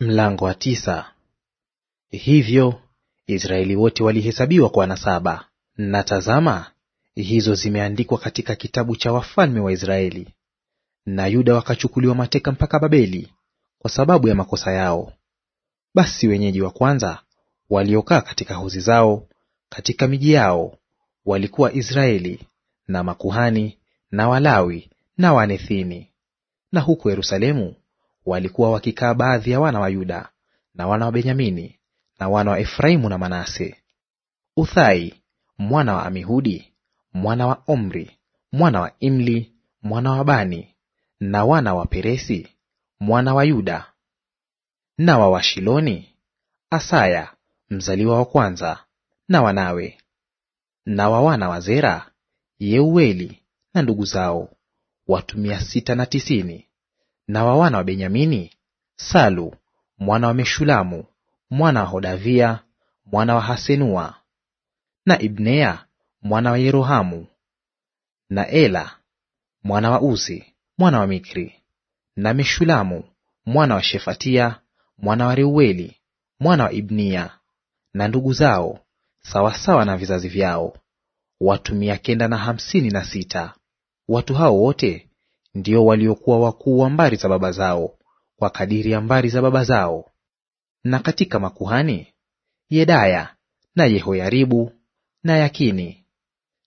Mlango wa tisa. Hivyo Israeli wote walihesabiwa kwa nasaba, na tazama, hizo zimeandikwa katika kitabu cha wafalme wa Israeli. Na Yuda wakachukuliwa mateka mpaka Babeli kwa sababu ya makosa yao. Basi wenyeji wa kwanza waliokaa katika hozi zao katika miji yao walikuwa Israeli na makuhani na Walawi na Wanethini. Na huko Yerusalemu walikuwa wakikaa baadhi ya wana wa Yuda na wana wa Benyamini na wana wa Efraimu na Manase. Uthai mwana wa Amihudi mwana wa Omri mwana wa Imli mwana wa Bani na wana wa Peresi mwana wa Yuda na wa Washiloni Asaya mzaliwa wa kwanza na wanawe na wa wana wa Zera Yeueli na ndugu zao watu mia sita na tisini na wa wana wa Benyamini, Salu mwana wa Meshulamu mwana wa Hodavia mwana wa Hasenua, na Ibnea mwana wa Yerohamu, na Ela mwana wa Uzi mwana wa Mikri, na Meshulamu mwana wa Shefatia mwana wa Reueli mwana wa Ibnia, na ndugu zao sawasawa na vizazi vyao, watu mia kenda na hamsini na sita. Watu hao wote ndio waliokuwa wakuu wa mbari za baba zao kwa kadiri ya mbari za baba zao. Na katika makuhani Yedaya na Yehoyaribu na Yakini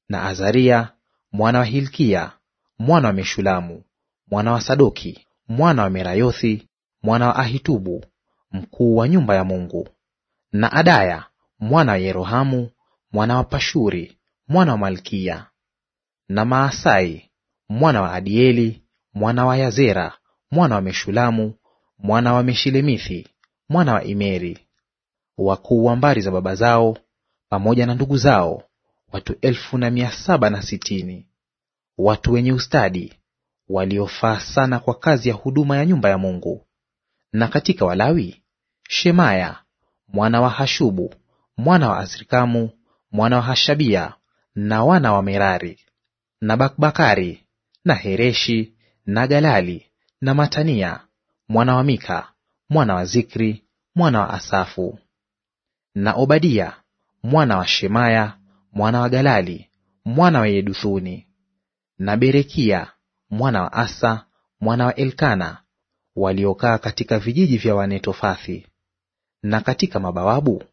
na Azaria mwana wa Hilkia mwana wa Meshulamu mwana wa Sadoki mwana wa Merayothi mwana wa Ahitubu mkuu wa nyumba ya Mungu na Adaya mwana wa Yerohamu mwana wa Pashuri mwana wa Malkia na Maasai mwana wa Adieli mwana wa Yazera, mwana wa Meshulamu, mwana wa Meshilemithi, mwana wa Imeri. Wakuu wa mbari za baba zao pamoja na ndugu zao watu elfu na mia saba na sitini, watu wenye ustadi waliofaa sana kwa kazi ya huduma ya nyumba ya Mungu. Na katika Walawi, Shemaya mwana wa Hashubu mwana wa Azrikamu mwana wa Hashabia na wana wa Merari na Bakbakari na Hereshi na Galali na Matania mwana wa Mika mwana wa Zikri mwana wa Asafu na Obadia mwana wa Shemaya mwana wa Galali mwana wa Yeduthuni na Berekia mwana wa Asa mwana wa Elkana waliokaa katika vijiji vya Wanetofathi na katika mabawabu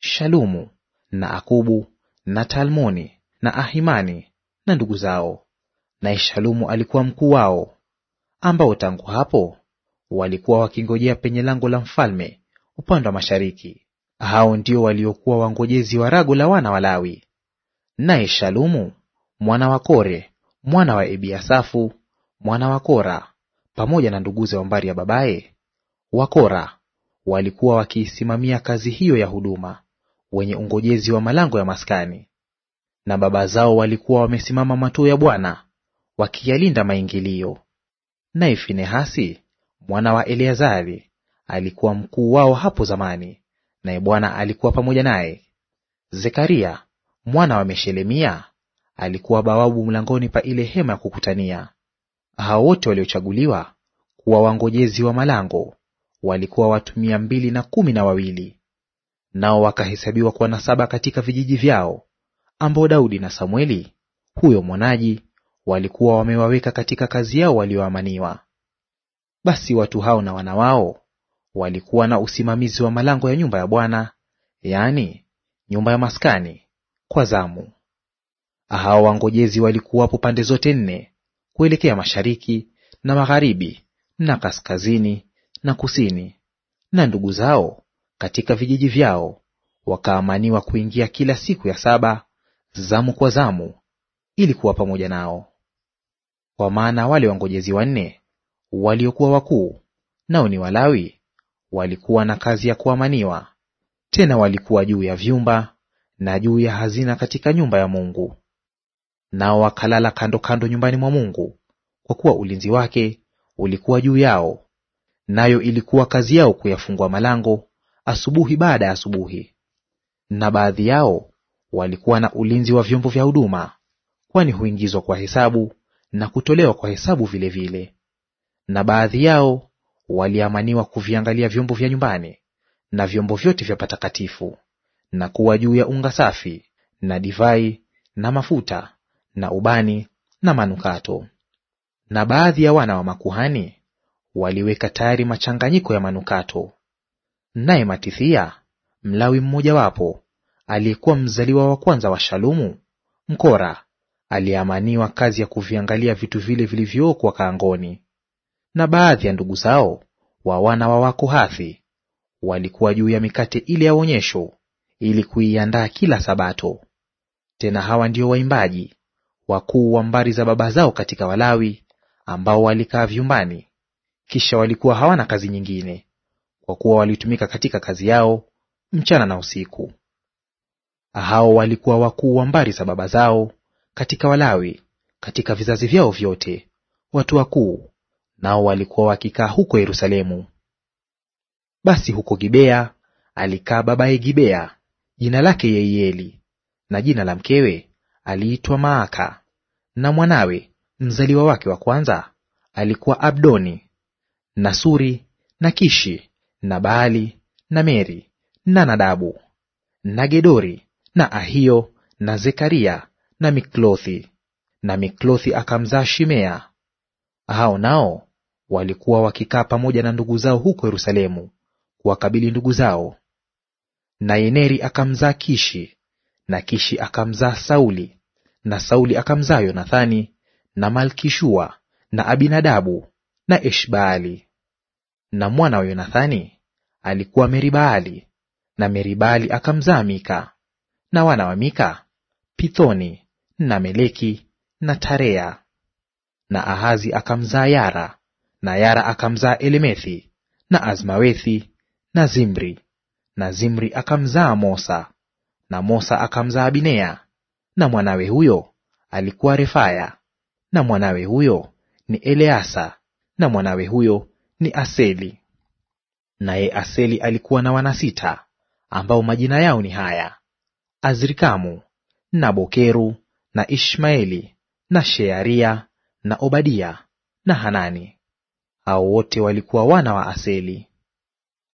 Shalumu na Akubu na Talmoni na Ahimani na ndugu zao, naye Shalumu alikuwa mkuu wao ambao tangu hapo walikuwa wakingojea penye lango la mfalme upande wa mashariki. Hao ndio waliokuwa wangojezi wa rago la wana wa Lawi. Naye Shalumu mwana wa Kore mwana wa Ebiasafu mwana wa Kora pamoja na nduguze wa mbari ya babaye Wakora walikuwa wakiisimamia kazi hiyo ya huduma, wenye ungojezi wa malango ya maskani. Na baba zao walikuwa wamesimama matuo ya Bwana wakiyalinda maingilio. Naye Finehasi mwana wa Eleazari alikuwa mkuu wao hapo zamani, naye Bwana alikuwa pamoja naye. Zekaria mwana wa Meshelemia alikuwa bawabu mlangoni pa ile hema ya kukutania. Hao wote waliochaguliwa kuwa wangojezi wa malango walikuwa watu mia mbili na kumi na wawili. Nao wakahesabiwa kwa nasaba katika vijiji vyao, ambao Daudi na Samweli huyo mwanaji walikuwa wamewaweka katika kazi yao walioaminiwa. Basi watu hao na wana wao walikuwa na usimamizi wa malango ya nyumba ya Bwana, yaani nyumba ya maskani, kwa zamu. Hao wangojezi walikuwapo pande zote nne, kuelekea mashariki na magharibi na kaskazini na kusini, na ndugu zao katika vijiji vyao wakaamaniwa kuingia kila siku ya saba zamu kwa zamu, ili kuwa pamoja nao. Kwa maana wale wangojezi wanne waliokuwa wakuu, nao ni Walawi, walikuwa na kazi ya kuaminiwa; tena walikuwa juu ya vyumba na juu ya hazina katika nyumba ya Mungu. Nao wakalala kando kando nyumbani mwa Mungu, kwa kuwa ulinzi wake ulikuwa juu yao, nayo ilikuwa kazi yao kuyafungua malango asubuhi baada ya asubuhi. Na baadhi yao walikuwa na ulinzi wa vyombo vya huduma, kwani huingizwa kwa hesabu na kutolewa kwa hesabu vile vile. Na baadhi yao waliamaniwa kuviangalia vyombo vya nyumbani na vyombo vyote vya patakatifu, na kuwa juu ya unga safi na divai na mafuta na ubani na manukato. Na baadhi ya wana wa makuhani waliweka tayari machanganyiko ya manukato. Naye Matithia Mlawi mmojawapo, aliyekuwa mzaliwa wa kwanza wa Shalumu Mkora, aliyeaminiwa kazi ya kuviangalia vitu vile vilivyookwa kaangoni. Na baadhi ya ndugu zao wa wana wa Wakohathi walikuwa juu ya mikate ile ya onyesho, ili kuiandaa kila Sabato. Tena hawa ndio waimbaji wakuu wa mbari za baba zao katika Walawi, ambao walikaa vyumbani, kisha walikuwa hawana kazi nyingine, kwa kuwa walitumika katika kazi yao mchana na usiku. Hao walikuwa wakuu wa mbari za baba zao katika Walawi katika vizazi vyao vyote, watu wakuu, nao walikuwa wakikaa huko Yerusalemu. Basi huko Gibea alikaa babaye Gibea, jina lake Yeieli, na jina la mkewe aliitwa Maaka, na mwanawe mzaliwa wake wa kwanza alikuwa Abdoni, na Suri na Kishi na Baali na Meri na Nadabu na Gedori na Ahio na Zekaria na Miklothi, na Miklothi akamzaa Shimea. Hao nao walikuwa wakikaa pamoja na ndugu zao huko Yerusalemu kuwakabili ndugu zao. na yeneri akamzaa Kishi, na Kishi akamzaa Sauli, na Sauli akamzaa Yonathani na Malkishua na Abinadabu na Eshbaali. Na mwana wa Yonathani alikuwa Meribaali, na Meribaali akamzaa Mika, na wana wa Mika Pithoni na Meleki na Tarea. Na Ahazi akamzaa Yara, na Yara akamzaa Elemethi na Azmawethi na Zimri, na Zimri akamzaa Mosa, na Mosa akamzaa Binea, na mwanawe huyo alikuwa Refaya, na mwanawe huyo ni Eleasa, na mwanawe huyo ni Aseli. Naye Aseli alikuwa na wana sita, ambao majina yao ni haya: Azrikamu na Bokeru na Ishmaeli na Shearia na Obadia na Hanani. Hao wote walikuwa wana wa Aseli.